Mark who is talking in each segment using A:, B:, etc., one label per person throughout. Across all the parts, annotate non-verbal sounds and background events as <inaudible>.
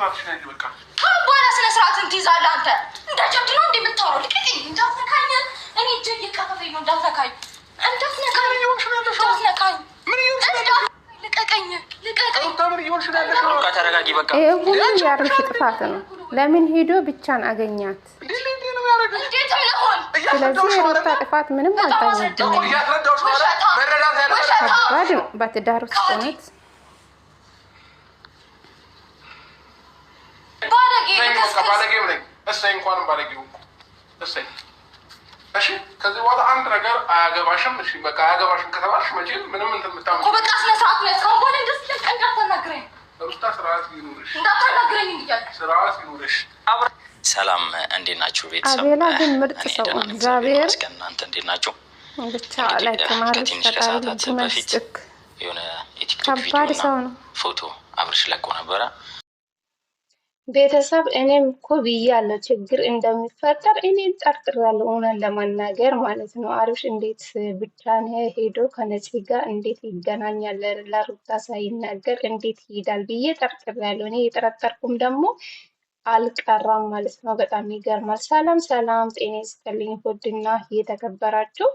A: መስማትሽ ነው። በቃ በኋላ ስነ ስርዓት እንትይዛለህ አንተ እንደ ጀብድ ነው እንደምታወራው። ልቀቀኝ፣ እንዳትነካኝ። እኔ እጄ እየከፈፈኝ ነው። እንዳትነካኝ፣ እንዳትነካኝ። ምን እየሆንሽ ነው ያለሽው?
B: እንዳትነካኝ። ምን እየሆንሽ ነው ያለሽው? ይሄ ሁሉ ጥፋት ነው። ለምን ሄዶ ብቻን አገኛት? ስለዚህ የሩታ ጥፋት ምንም አልታየም። በትዳር ውስጥ እውነት
A: ባለጌው ነኝ እሰይ፣ እንኳንም ባለጌው እሰይ። እሺ፣ ከዚህ በኋላ አንድ ነገር አያገባሽም። እሺ፣ በቃ አያገባሽም ከተባልሽ መቼም ምንም እንትን በቃ ስነ ስርዓት ነው። ስርዓት ይኑርሽ፣ እንዳታናግረኝ
C: ስርዓት ይኑርሽ። ሰላም፣ እንዴት ናችሁ
B: ቤተሰብ? አቤላ ግን ምርጥ ሰው እግዚአብሔር እናንተ እንዴት ናችሁ? ብቻ ላይ ፈጣሪ ልጅ
C: የሆነ የቲክቶክ ቪዲዮ ፎቶ አብርሽ
B: ለቆ ነበረ ቤተሰብ እኔም እኮ ብያለሁ ችግር እንደሚፈጠር እኔም ጠርጥሬያለሁ፣ እውነት ለመናገር ማለት ነው። አብርሽ እንዴት ብቻን ሄዶ ከነፂ ጋር እንዴት ይገናኛል? ለሩታ ሳይናገር እንዴት ይሄዳል ብዬ ጠርጥሬያለሁ። እኔ የጠረጠርኩም ደግሞ አልቀራም ማለት ነው። በጣም ይገርማል። ሰላም ሰላም፣ ጤና ይስጥልኝ ውድና የተከበራችሁ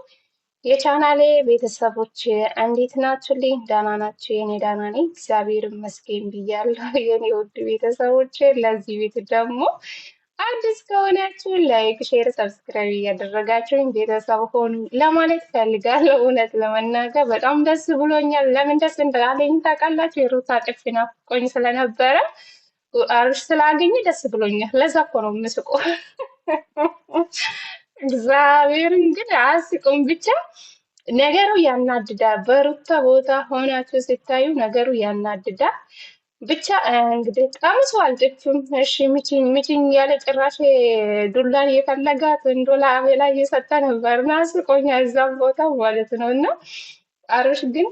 B: የቻናሌ ቤተሰቦች እንዴት ናችሁልኝ? ደህና ናችሁ? የኔ ደህና ነኝ እግዚአብሔር ይመስገን ብያለሁ። <laughs> የኔ ውድ ቤተሰቦች ለዚህ ቤት ደግሞ አዲስ ከሆናችሁ ላይክ፣ ሼር፣ ሰብስክራይብ እያደረጋችሁኝ ቤተሰብ ሆኑ ለማለት ፈልጋለሁ። እውነት ለመናገር በጣም ደስ ብሎኛል። ለምን ደስ እንዳለኝ ታውቃላችሁ? የሩታ ጥፊ ናፍቆኝ ስለነበረ አርሽ ስላገኘ ደስ ብሎኛል። ለዛ እኮ ነው የምስቆ <laughs> እግዚአብሔርን ግን አያስቁም። ብቻ ነገሩ ያናድዳ። በሩታ ቦታ ሆናችሁ ስታዩ ነገሩ ያናድዳ። ብቻ እንግዲህ ቀምሶ አልጥፍም። እሺ ምችኝ ምችኝ ያለ ጭራሽ ዱላን እየፈለጋት እንዶላ አቤላ እየሰጠ ነበር ናስቆኛ አስቆኛል፣ እዛም ቦታ ማለት ነው። እና አብርሽ ግን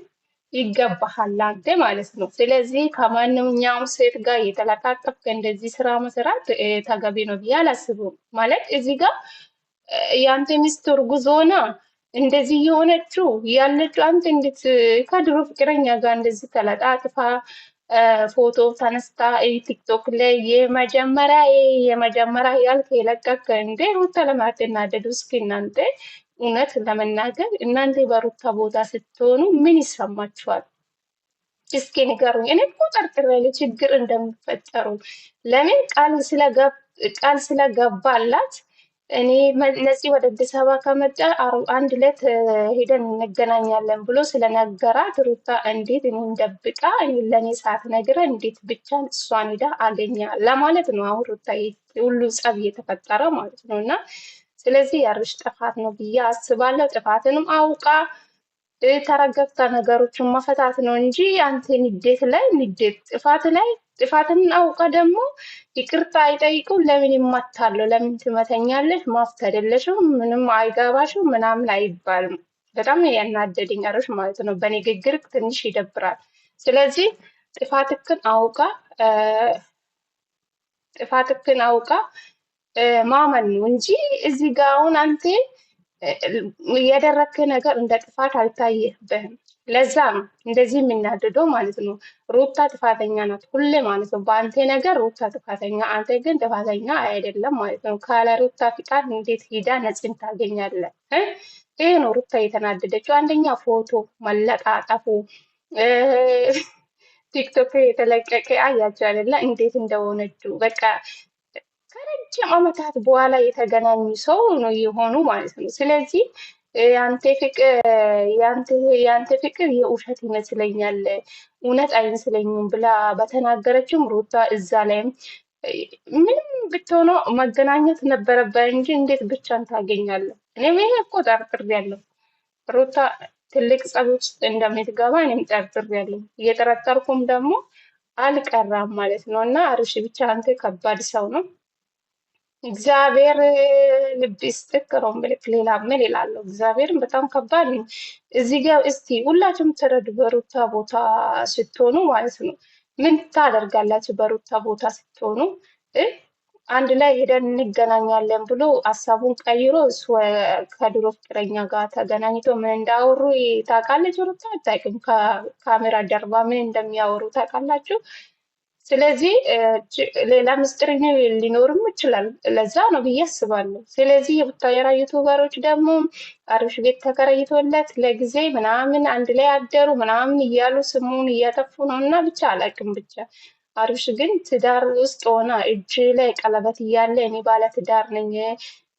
B: ይገባሃል አንተ ማለት ነው። ስለዚህ ከማንኛውም ሴት ጋር እየተለቃቀፍክ እንደዚህ ስራ መስራት ተገቢ ነው ብዬ አላስብም። ማለት እዚህ ጋር የአንተ ሚስት እርጉዝ ሆና እንደዚህ የሆነችው ያለችው አንተ እንዴት ከድሮ ፍቅረኛ ጋር እንደዚህ ተለጣጥፋ ፎቶ ተነስታ ቲክቶክ ላይ የመጀመሪያ የመጀመሪያ ያልክ የለቀቅ እንዴ ሩታ ለማትናደዱ እስኪ እናንተ እውነት ለመናገር እናንተ በሩታ ቦታ ስትሆኑ ምን ይሰማችኋል? እስኪ ንገሩኝ። እኔ እኮ ጠርጥሬ ችግር እንደሚፈጠሩ ለምን ቃል ስለገባላት እኔ ነፂ ወደ አዲስ አበባ ከመጣ አንድ ዕለት ሄደን እንገናኛለን ብሎ ስለነገራት ሩታ እንዴት እኔን ደብቃ ለእኔ ነግረ እንዴት ብቻን እሷን ሄዳ አገኛ ለማለት ነው። አሁን ሩታ ሁሉ ጸብ እየተፈጠረ ማለት ነው። እና ስለዚህ ያርሽ ጥፋት ነው ብዬ አስባለሁ። ጥፋትንም አውቃ ተረጋግታ ነገሮችን መፈታት ነው እንጂ አንተ ንዴት ላይ ንዴት፣ ጥፋት ላይ ጥፋትን አውቀ ደግሞ ይቅርታ አይጠይቁ። ለምን ይመታለሁ? ለምን ትመተኛለሽ? ማፍት አይደለሽም፣ ምንም አይገባሽም ምናምን አይባልም። በጣም ያናደደኝ አሮች ማለት ነው። በንግግር ትንሽ ይደብራል። ስለዚህ ጥፋትክን አውቃ ጥፋትክን አውቃ ማመን ነው እንጂ እዚህ ጋ አሁን አንቴ የደረክ ነገር እንደ ጥፋት አልታየብህም። ለዛ ነው እንደዚህ የሚናደደው ማለት ነው። ሩታ ጥፋተኛ ናት ሁሌ ማለት ነው። በአንተ ነገር ሩታ ጥፋተኛ፣ አንተ ግን ጥፋተኛ አይደለም ማለት ነው። ካለ ሩታ ፍቃድ እንዴት ሂዳ ነፂን ታገኛለህ? ይህ ነው ሩታ የተናደደችው። አንደኛ ፎቶ መለጣጠፉ ቲክቶክ የተለቀቀ አያቸው አይደለ? እንዴት እንደሆነችው በቃ ከረጅም ዓመታት በኋላ የተገናኙ ሰው ነው የሆኑ ማለት ነው። ስለዚህ የአንተ ፍቅር የውሸት ይመስለኛል እውነት አይመስለኝም ብላ በተናገረችም ሩታ እዛ ላይም ምንም ብትሆነ መገናኘት ነበረበት እንጂ እንዴት ብቻን ታገኛለህ? እኔም ይሄ እኮ ጠርጥሬያለሁ። ሩታ ትልቅ ጸብ ውስጥ እንደምትገባ እኔም ጠርጥሬያለሁ። እየጠረጠርኩም ደግሞ አልቀራም ማለት ነው። እና አርሽ ብቻ አንተ ከባድ ሰው ነው። እግዚአብሔር ልብ ይስጥክ ከሮምብልክ ሌላ ምን ይላለሁ? እግዚአብሔርን በጣም ከባድ ነው። እዚህ ጋር እስቲ ሁላችሁም ተረዱ። በሩታ ቦታ ስትሆኑ ማለት ነው ምን ታደርጋላችሁ? በሩታ ቦታ ስትሆኑ አንድ ላይ ሄደን እንገናኛለን ብሎ ሀሳቡን ቀይሮ እሱ ከድሮ ፍቅረኛ ጋር ተገናኝቶ ምን እንዳወሩ ታውቃለች ሩታ? አታውቅም። ከካሜራ ጀርባ ምን እንደሚያወሩ ታውቃላችሁ? ስለዚህ ሌላ ምስጢረኛ ሊኖርም ይችላል። ለዛ ነው ብዬ አስባለሁ። ስለዚህ የቡታየራ ዩቱበሮች ደግሞ አብርሽ ቤት ተከራይቶለት ለጊዜ ምናምን አንድ ላይ አደሩ ምናምን እያሉ ስሙን እያጠፉ ነው እና ብቻ አላቅም ብቻ አብርሽ ግን ትዳር ውስጥ ሆነ እጅ ላይ ቀለበት እያለ እኔ ባለ ትዳር ነኝ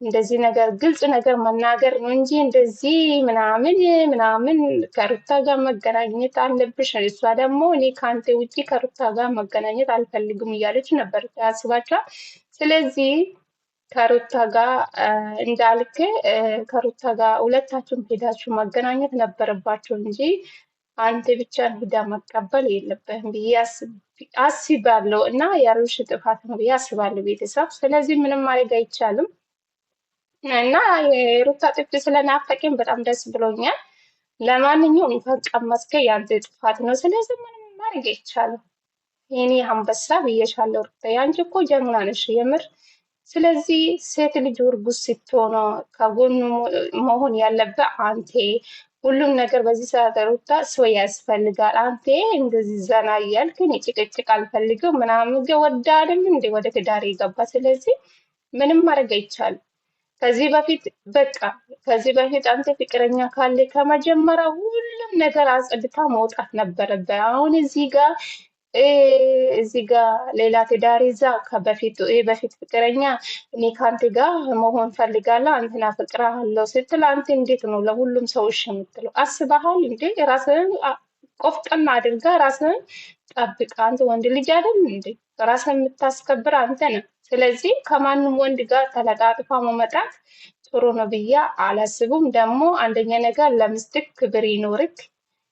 B: እንደዚህ ነገር ግልጽ ነገር መናገር ነው እንጂ እንደዚህ ምናምን ምናምን ከሩታ ጋር መገናኘት አለብሽ፣ እሷ ደግሞ እኔ ከአንተ ውጭ ከሩታ ጋር መገናኘት አልፈልግም እያለች ነበር። ያስባቸዋል። ስለዚህ ከሩታ ጋር እንዳልክ ከሩታ ጋር ሁለታችሁም ሄዳችሁ መገናኘት ነበረባቸው እንጂ አንተ ብቻን ሂዳ መቀበል የለብህም ብዬ አስባለሁ እና የአብርሽ ጥፋት ነው ብዬ አስባለሁ ቤተሰብ። ስለዚህ ምንም ማድረግ አይቻልም። እና የሩታ ጥፍድ ስለናፈቀኝ በጣም ደስ ብሎኛል። ለማንኛውም ፈቃ መስከ ያንተ ጥፋት ነው። ስለዚህ ምንም ማድረግ አይቻልም። የኔ አንበሳ ብዬሻለሁ ሩታ፣ ያንቺ እኮ ጀግና ነሽ የምር። ስለዚህ ሴት ልጅ እርጉዝ ስትሆን ከጎኑ መሆን ያለበት አንቴ። ሁሉም ነገር በዚህ ሰዓት ሩታ ሰው ያስፈልጋል። አንቴ እንደዚህ ዘና እያልክ ጭቅጭቅ አልፈልግም ምናምን። ወዳ አይደል እንዴ ወደ ትዳር የገባ? ስለዚህ ምንም ማድረግ አይቻልም። ከዚህ በፊት በቃ ከዚህ በፊት አንተ ፍቅረኛ ካለ ከመጀመሪያ ሁሉም ነገር አጽድታ መውጣት ነበረበት። አሁን እዚህ ጋር እዚህ ጋር ሌላ ትዳር ይዛ ከበፊት በፊት ፍቅረኛ እኔ ከአንተ ጋር መሆን ፈልጋለሁ አንተን አፈቅርሃለሁ ስትል አንተ እንዴት ነው ለሁሉም ሰው እሺ የምትለው? አስበሃል እንዴ? ራስህን ቆፍጠን አድርጋ ራስህን ጠብቅ። አንተ ወንድ ልጅ አይደል እንዴ? ራስህን የምታስከብር አንተ ነው። ስለዚህ ከማንም ወንድ ጋር ተለጣጥፋ መመጣት ጥሩ ነው ብዬ አላስቡም። ደግሞ አንደኛ ነገር ለምስትክ ክብር ይኖርክ።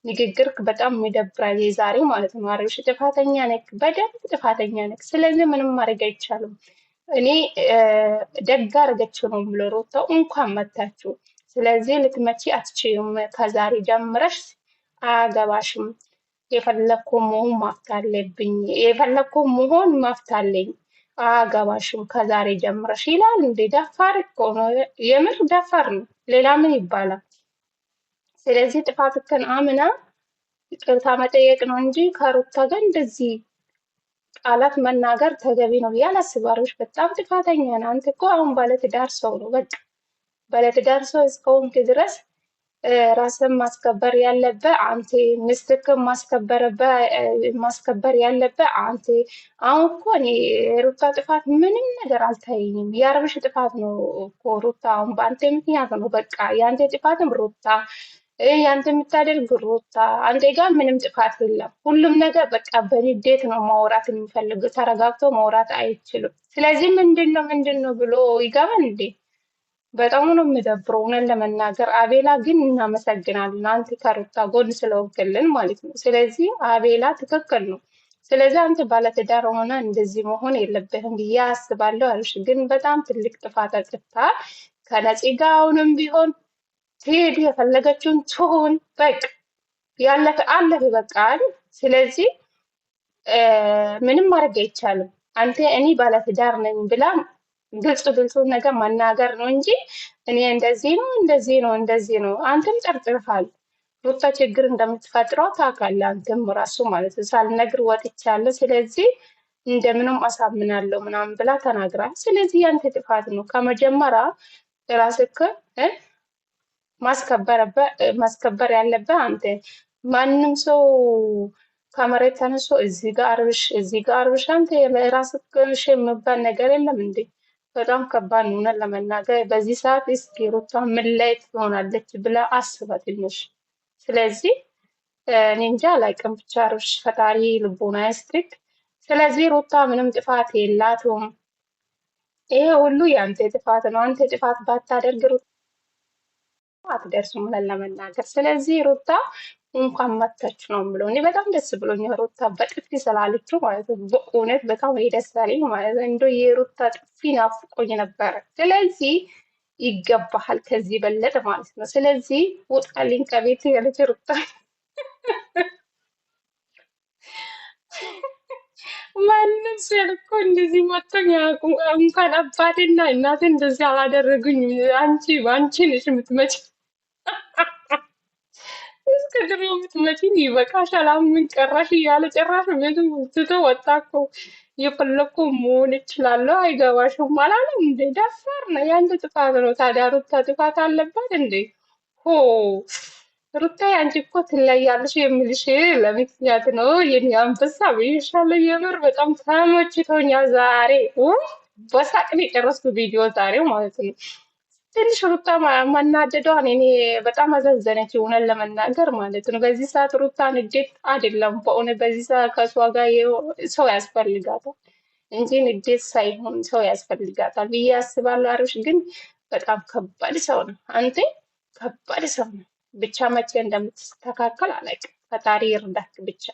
B: ንግግር በጣም የሚደብራል። የዛሬ ማለት ነው። አብርሽ ጥፋተኛ ነክ፣ በደንብ ጥፋተኛ ነክ። ስለዚህ ምንም ማድረግ አይቻልም። እኔ ደግ አደረገችው ነው ብሎ ሮተው እንኳን መታችሁ። ስለዚህ ልትመቺ አትችይም። ከዛሬ ጀምረሽ አያገባሽም። የፈለግኩ መሆን ማፍታለብኝ የፈለግኩ መሆን ማፍታለኝ አያገባሽም ከዛሬ ጀምረሽ ይላል። እንዴ ደፋር እኮ ነው፣ የምር ደፋር ነው። ሌላ ምን ይባላል? ስለዚህ ጥፋትህን አምና ይቅርታ መጠየቅ ነው እንጂ ከሩታ ጋር እንደዚህ ቃላት መናገር ተገቢ ነው ብዬ አላስብም። በጣም ጥፋተኛ ነህ አንተ እኮ አሁን ባለትዳር ሰው ነው። በቃ ባለትዳር ሰው እስከሆንክ ድረስ ራስን ማስከበር ያለብህ አንተ፣ ምስትክን ማስከበር ያለበ አንተ። አሁን እኮ እኔ ሩታ ጥፋት ምንም ነገር አልታየኝም። የአረብሽ ጥፋት ነው እኮ ሩታ፣ አሁን በአንተ ምክንያት ነው። በቃ የአንተ ጥፋትም ሩታ፣ የአንተ የምታደርግ ሩታ፣ አንተ ጋር ምንም ጥፋት የለም። ሁሉም ነገር በቃ በንዴት ነው ማውራት የሚፈልግ፣ ተረጋግቶ ማውራት አይችልም። ስለዚህ ምንድን ነው ምንድን ነው ብሎ ይገባል እንዴ? በጣም ነው የሚደብረው እውነት ለመናገር አቤላ ግን እናመሰግናለን አንተ ከሩታ ጎን ስለወገልን ማለት ነው ስለዚህ አቤላ ትክክል ነው ስለዚህ አንተ ባለትዳር ሆነ እንደዚህ መሆን የለብህም ብዬ አስባለሁ አልሽ ግን በጣም ትልቅ ጥፋት አጥፍተሃል ከነፂ አሁንም ቢሆን ትሄድ የፈለገችውን ትሁን በቃ ያለፈ አለፈ በቃል ስለዚህ ምንም ማድረግ አይቻልም አንተ እኔ ባለትዳር ነኝ ብላ ግልጽ ግልጹን ነገር መናገር ነው እንጂ እኔ እንደዚህ ነው እንደዚህ ነው እንደዚህ ነው። አንተም ጠርጥርሃል። ሩታ ችግር እንደምትፈጥረው ታውቃለህ። አንተም ራሱ ማለት ነው ሳልነግር ወጥቻለሁ፣ ስለዚህ እንደምንም አሳምናለሁ ምናምን ብላ ተናግራል። ስለዚህ ያንተ ጥፋት ነው። ከመጀመሪያ ራስክ ማስከበር ያለብህ አንተ። ማንም ሰው ከመሬት ተነሶ እዚህ ጋር አርብሽ፣ እዚህ ጋር አርብሽ፣ አንተ ራስህን የምባል ነገር የለም እንዴ? በጣም ከባድ ነው። እውነት ለመናገር በዚህ ሰዓት እስኪ ሩታ ምን ላይ ትሆናለች ብላ አስባ ትንሽ። ስለዚህ እኔ እንጃ አላውቅም። ብቻ ርሽ ፈጣሪ ልቦና ያስጥቅ። ስለዚህ ሩታ ምንም ጥፋት የላትም። ይሄ ሁሉ የአንተ ጥፋት ነው። አንተ ጥፋት ባታደርግ አትደርሱም ለመናገር። ስለዚህ ሩታ እንኳን መታችሁ ነው የምለው። እኔ በጣም ደስ ብሎኛል ሩታ በጥፊ ስላለችው ማለት ነው። በእውነት በጣም ደስ አለኝ ማለት ነው። እንደው የሩታ ጥፊ ናፍቆኝ ነበረ። ስለዚህ ይገባሃል ከዚህ በለጠ ማለት ነው። ስለዚህ ውጣልኝ ከቤት ያለች ሩታ ማንም ሰው እኮ እንደዚህ መጥቶኝ አያውቁም። እንኳን አባቴና እናቴ እንደዚህ አላደረጉኝ። አንቺ አንቺ ነሽ የምትመጪው እስከ ድሮ ብትመጪኝ ይበቃሻል፣ አሁን ምን ቀራሽ እያለ ጨራሽ ቤቱን ትቶ ወጣ እኮ። የፈለግኩ መሆን እችላለሁ አይገባሽም አላለም እንዴ? ደፋር ነው። የአንተ ጥፋት ነው። ታዲያ ሩታ ጥፋት አለባት እንዴ? ሆ ሩታ፣ አንቺ እኮ ትለያለሽ የምልሽ ለምክንያት ነው። የኔ አንበሳ ብዬሻለሁ። የምር በጣም ተመችቶኛል ዛሬ። ውይ የጨረስኩ ቪዲዮ ዛሬው ማለት ነው። ትንሽ ሩታ መናደዷ እኔ በጣም አዘዘነች፣ የሆነን ለመናገር ማለት ነው። በዚህ ሰዓት ሩታን ንዴት አይደለም በሆነ በዚህ ሰዓት ከእሷ ጋር ሰው ያስፈልጋታል እንጂ ንዴት ሳይሆን ሰው ያስፈልጋታል ብዬ አስባለሁ። አብርሽ ግን በጣም ከባድ ሰው ነው። አንተ ከባድ ሰው ነው። ብቻ መቼ እንደምትስተካከል አላውቅም። ፈጣሪ ይርዳክ ብቻ።